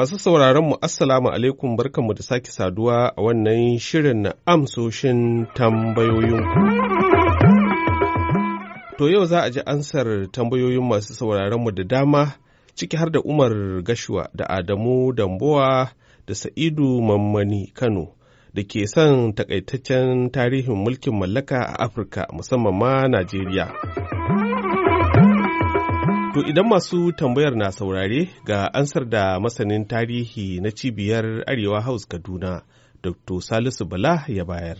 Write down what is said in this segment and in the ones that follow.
Masu mu Assalamu alaikum barkanmu da sake saduwa a wannan shirin na amsoshin tambayoyinku. To yau za a ji ansar tambayoyin masu mu da dama ciki har da Umar Gashuwa da Adamu Damboa da Sa'idu Mammani Kano da ke son takaitaccen tarihin mulkin mallaka a Afirka musamman ma Najeriya. To idan masu tambayar na saurare ga ansar da masanin tarihi na cibiyar Arewa House Kaduna, Dr. Salisu Bala ya bayar.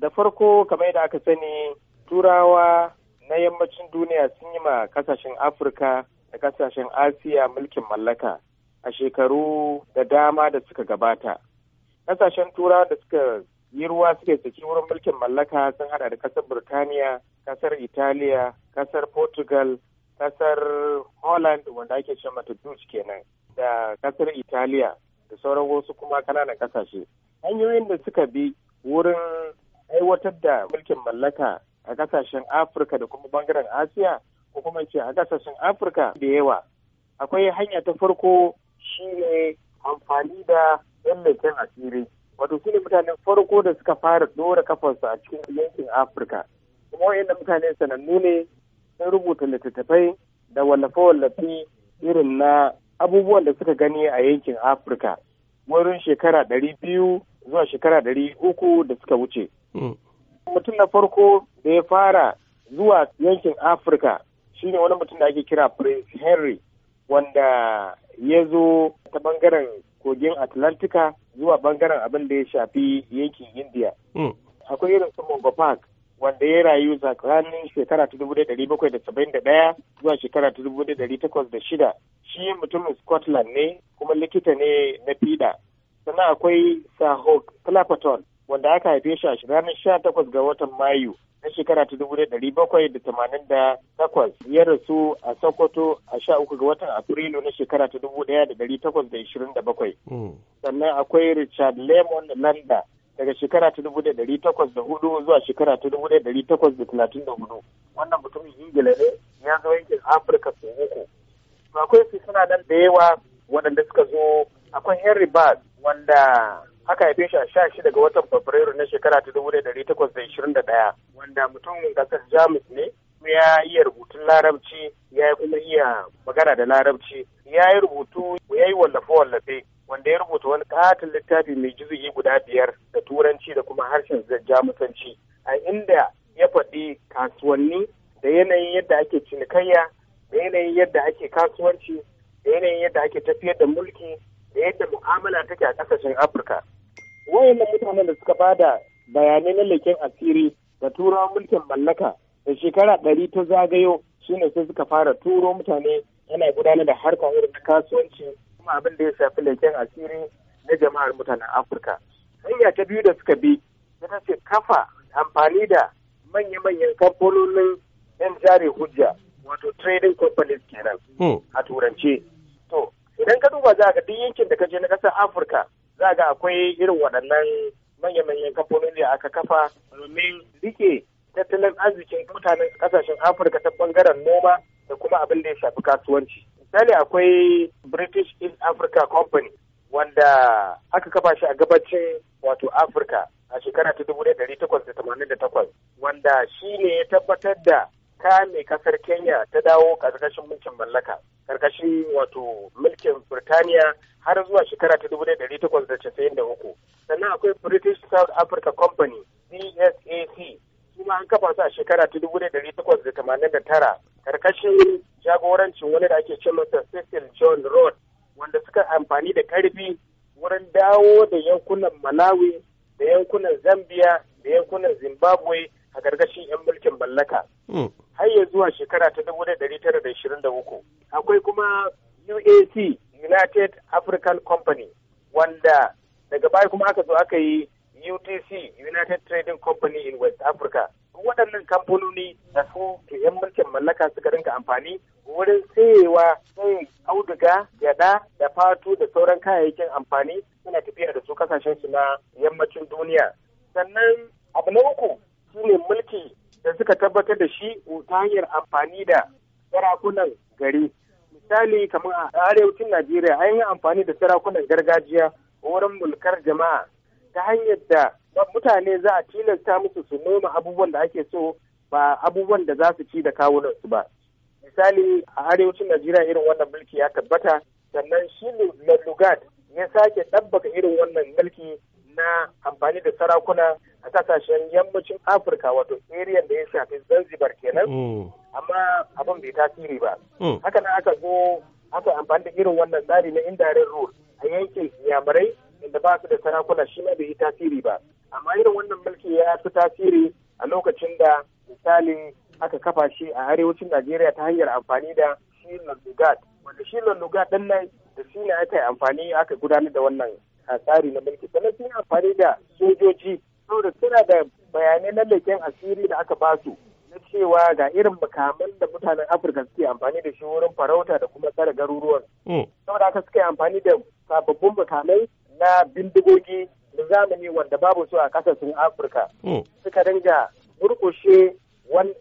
da farko kamar yadda aka sani turawa na yammacin duniya sun yi ma kasashen Afirka da kasashen Asiya mulkin mallaka a shekaru da dama da suka gabata. Kasashen turawa da suka yi ruwa suke saki wurin mulkin mallaka sun hada da kasar Burtaniya, kasar Italiya, kasar Portugal, kasar holland wanda ake ce mata dutch kenan da kasar italiya da sauran wasu kuma kananan kasashe hanyoyin da suka bi wurin aiwatar da mulkin mallaka a kasashen afirka da kuma bangaren asiya ko kuma ce a kasashen afirka da yawa akwai hanya ta farko Shi ne amfani da yan asiri wato su ne mutanen farko da suka fara dora kafarsu a cikin yankin afirka kuma wayannan mutane sanannu ne sun rubuta littattafai da wallafe wallafi irin na abubuwan da suka gani a yankin afirka wurin shekara ɗari biyu zuwa shekara ɗari uku da suka wuce hmm. mutum na farko da ya fara zuwa yankin afirka shine wani mutum da ake kira prince henry wanda ya zo ta bangaren kogin atlantika zuwa bangaren abin da ya shafi yankin india hmm. akwai irin su mongo park wanda ya rayu tsakanin shekara ta dubu ɗari bakwai da saba'in da ɗaya zuwa shekara ta dubu ɗari takwas da shida shi mutumin scotland ne kuma likita ne na fiɗa sannan akwai saho clapperton wanda aka haife shi a ranar sha takwas ga watan mayu na shekara ta dubu ɗari bakwai da tamanin da takwas ya rasu a sokoto a sha uku ga watan afrilu na shekara ta dubu ɗaya da ɗari takwas da ishirin da bakwai hmm. sannan akwai richard lemon landa daga shekara ta dubu da ɗari takwas da hudu zuwa shekara ta dubu da ɗari takwas da talatin da hudu wannan mutumin ingila ne ya zo yankin afirka sau uku akwai su suna nan da yawa waɗanda suka zo akwai henry bas wanda aka haife shi a sha shida ga watan fabrairu na shekara ta dubu da ɗari takwas da ishirin da ɗaya wanda mutum ƙasar jamus ne ya iya rubutun larabci ya kuma iya magana da larabci ya yi rubutu ya yi wallafe-wallafe wanda ya rubuta wani katin littafi mai jizugi guda biyar da turanci da kuma harshen jamusanci a inda ya faɗi kasuwanni da yanayin yadda ake cinikayya da yanayin yadda ake kasuwanci da yanayin yadda ake tafiyar da mulki da yadda mu'amala take a ƙasashen afirka wayannan mutanen da suka bada bayanai na leken asiri da turawa mulkin mallaka da shekara ɗari ta zagayo shine sai suka fara turo mutane yana gudanar da harka irin kasuwanci kuma abin da ya shafi leken asiri na jama'ar mutanen afirka hanya ta biyu da suka bi ta ce kafa amfani da manya-manyan kamfanonin yan jari hujja wato trading companies kenan hmm. a turance to idan ka duba za ka yankin da ka je na ƙasar afirka za ga akwai irin waɗannan manya-manyan kamfanonin da aka kafa domin rike tattalin arzikin mutanen ƙasashen afirka ta bangaren noma da kuma abin da ya shafi kasuwanci misali akwai British East Africa Company wanda aka kafa shi a gabacin wato Africa a shekara ta dubu takwas da tamanin da takwas wanda shi ne ya tabbatar da kame kasar Kenya ta dawo karkashin mulkin mallaka karkashin wato mulkin Birtaniya har zuwa shekara ta dubu takwas da da sannan akwai British South Africa Company BSAC kuma an kafa su a shekara ta dubu takwas da tamanin da tara karkashin jagorancin wani da ake ce masa Cecil John Road wanda suka amfani da karfi wurin dawo da yankunan Malawi da yankunan Zambia da yankunan Zimbabwe a karkashin 'yan mulkin mallaka. Hmm. Har ya zuwa shekara ta 1923. Akwai kuma UAC United African Company wanda daga baya kuma aka zo aka yi UTC United Trading Company in West Africa waɗannan kamfanoni da su ke 'yan mulkin mallaka suka rinka amfani wurin sayewa sai eh, auduga gyada da fatu da sauran kayayyakin amfani suna tafiya da su kasashen su na yammacin duniya sannan abu na uku shine mulki da suka tabbatar da shi ta hanyar amfani da sarakunan gari misali kamar a arewacin najeriya an yi amfani da sarakunan gargajiya wurin mulkar jama'a ta hanyar da mutane za a tilasta musu su noma abubuwan da ake so ba abubuwan da za su ci da kawunansu ba misali a arewacin najeriya irin wannan mulki ya tabbata sannan shi lullugat ya sake ɗabbaka irin wannan mulki na amfani da sarakuna a kasashen yammacin afirka wato eriyan da ya shafi zanzibar kenan mm. amma abin bai tasiri ba mm. haka nan aka zo aka amfani da irin wannan tsari na indirect rule a yankin yamurai da ba su da sarakuna shi ma bai yi tasiri ba amma irin wannan mulki ya fi tasiri a lokacin da misali aka kafa shi a arewacin najeriya ta hanyar amfani da shi lallugat wanda shi lallugat din nan da shi ne aka yi amfani aka gudanar da wannan tsari na mulki sannan sun yi amfani da sojoji saboda suna da bayanai na leken asiri da aka basu na cewa ga irin makaman da mutanen afirka suke amfani da shi wurin farauta da kuma tsare garuruwan mm. saboda aka suka yi amfani da sababbin makamai na bindigogi da zamani wanda babu su a kasashen afirka oh. suka dinga murkushe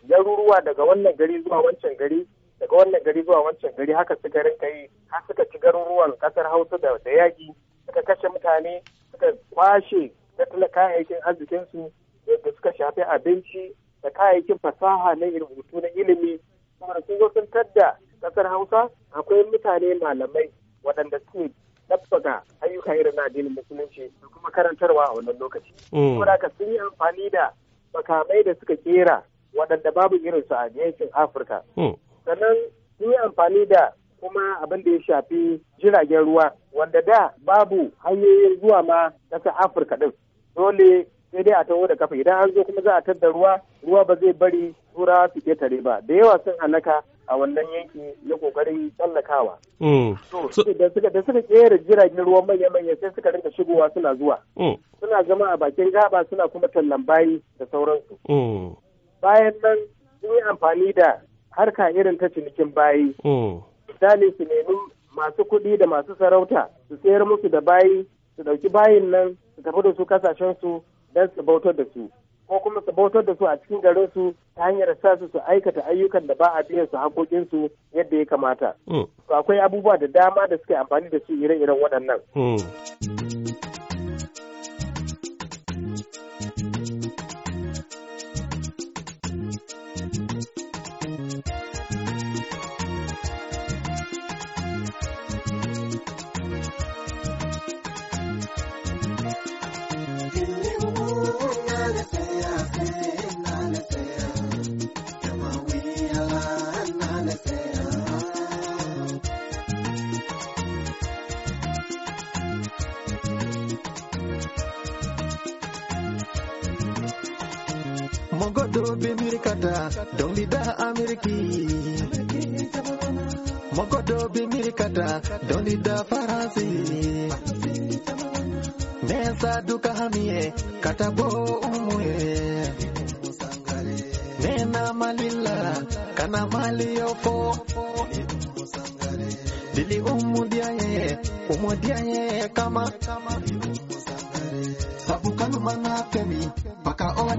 yaruruwa daga wannan gari zuwa wancan gari daga wannan gari zuwa wancan gari haka suka rinka yi har suka ci garuruwan kasar hausa da da yaƙi suka kashe mutane suka kwashe tattalin kayayyakin arzikinsu da suka shafi abinci da kayayyakin fasaha na rubutu na ilimi kuma sun zo sun tadda kasar hausa akwai mutane malamai waɗanda suke ɗabbaka ayyukan irin na addinin musulunci da kuma karantarwa a wannan lokaci. Mm. Saboda ka sun yi amfani da makamai da suka kera waɗanda babu irin su a yankin Afirka. Mm. Sannan sun yi amfani da kuma abin da ya shafi jiragen ruwa wanda da babu hanyoyin zuwa ma ƙasar Afirka ɗin. Dole sai dai a taho da kafa idan an zo kuma za a tadda ruwa ruwa ba zai bari turawa su ketare ba da yawa sun halaka a wannan yanki ya kokarin tsallakawa. Mm. Da suka kera jiragen ruwan manya-manya sai suka rinka shigowa suna zuwa. Mm. Suna zama a bakin gaba suna kuma tallan bayi da sauransu. Mm. Bayan nan sun yi amfani da harka irin ta cinikin bayi. Misali su nemi masu kuɗi da masu sarauta su sayar musu da bayi su ɗauki bayin nan su tafi da su kasashensu don su bautar da su. ko kuma su bautar da su a cikin garin su ta hanyar sa su su aikata ayyukan da ba a biyan su hakokin su yadda ya kamata. Hmm. Akwai abubuwa da dama da suke amfani da su ire-iren waɗannan. Hmm. mogodoro be mirikada donlida ameriki mogodoro be mirikada donlida faransi mesa duka hamie katabo umue mena malila kana maliyofo dili umudiaye umudiaye kama sabukanumanakemi mpaka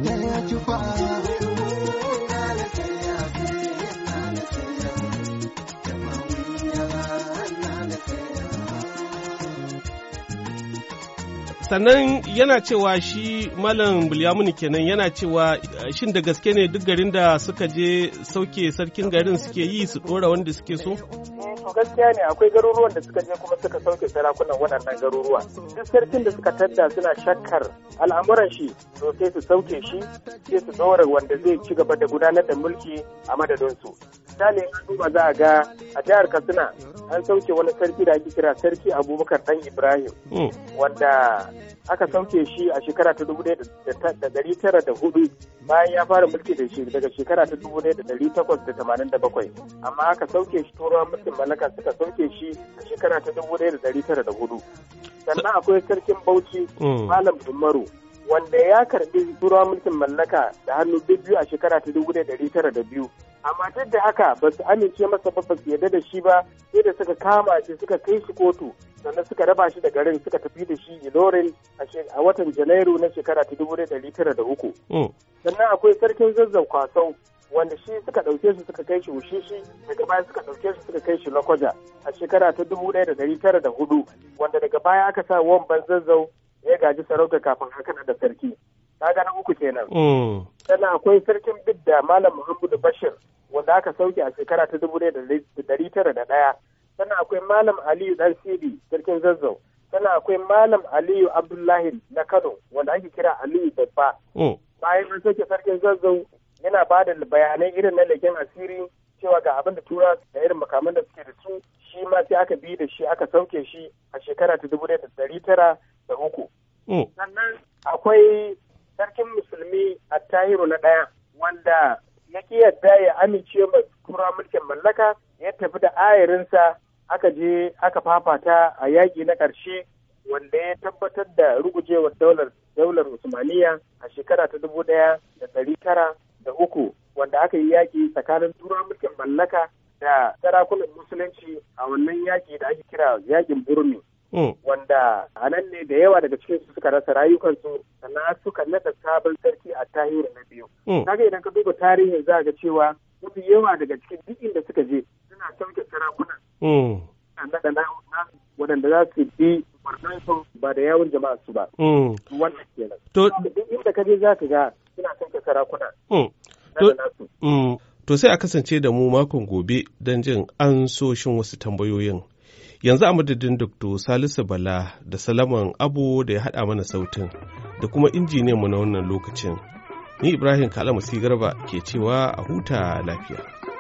sannan yana cewa shi malam bulyamuni kenan yana cewa eh, shin da gaske ne duk garin da suka je sauke sarkin garin suke yi su dora wanda suke so gaskiya ne akwai garuruwan da suka je kuma suka sauke sarakunan waɗannan garuruwa duk sarkin da suka tadda suna shakkar al'amuran shi to sai su sauke shi sai su ɗora wanda zai ci gaba da gudanar da mulki a madadinsu. Misali, duba za a ga a jihar Katsina an sauke wani sarki da ake kira sarki abubakar dan ibrahim hmm. wanda aka sauke shi a shekara ta dubu da dari tara da hudu bayan ya fara mulki da shi daga shekara ta dubu da dari takwas da tamanin da bakwai amma aka sauke shi turawan mulkin mallaka suka sauke shi a shekara ta dubu da dari tara da hudu sannan akwai sarkin bauchi hmm. malam dumaru wanda ya karbi turawan mulkin mallaka da hannu biyu a shekara ta dubu da dari tara da biyu amma duk da haka ba su amince masa ba su yarda da shi ba sai da suka kama shi suka kai shi kotu sannan suka raba shi da garin suka tafi da shi ilorin a watan janairu na shekara ta dubu da tara da uku mm. sannan akwai sarkin zazzau kwasau wanda shi suka ɗauke su suka kai shi ushishi daga baya suka ɗauke su suka kai shi lakwaja a shekara ta dubu da ɗari da hudu wanda daga baya aka sa wamban zazzau ya gaji sarauta kafin haka da sarki kaga na uku kenan mm. sannan akwai sarkin bidda malam muhammadu bashir wanda aka sauke a shekara ta dubu da dari tara da ɗaya sannan akwai malam aliyu dan sidi sarkin zazzau sannan akwai malam aliyu abdullahi na kano wanda ake kira aliyu babba mm. bayan an sauke sarkin zazzau yana ba da bayanai irin na leken asiri cewa ga abin da tura da irin makaman da suke da su shi ma sai aka bi da shi aka sauke shi a shekara ta dubu da dari tara da uku mm. sannan akwai sarkin musulmi a tahiru na ɗaya wanda ya ki yadda ya amince ma tura mulkin mallaka ya tafi da ayarinsa aka je aka fafata a yaƙi na ƙarshe wanda ya tabbatar da rugujewar daular daular usmaniya a shekara ta dubu ɗaya da ɗari tara da uku wanda aka yi yaƙi tsakanin tura mulkin mallaka da sarakunan musulunci a wannan yaƙi da ake kira yaƙin burmi Mm. wanda a nan ne da yawa daga cikin su suka rasa rayukansu sannan suka nasa sabon sarki a tahiru na biyu mm. kaga idan ka duba tarihin za ga cewa mafi yawa daga cikin duk inda suka je suna sauke sarakuna mm. nada na waɗanda za su bi su ba da yawon jama'a su ba wannan kenan to duk inda ka je za ka ga suna sauke sarakuna to sai a kasance da mu makon gobe don jin ansoshin wasu tambayoyin yanzu a madadin dr salisu bala da salaman abu da ya haɗa mana sautin da kuma injiniyan mu na wannan lokacin ni ibrahim Kalamasi garba ke cewa a huta lafiya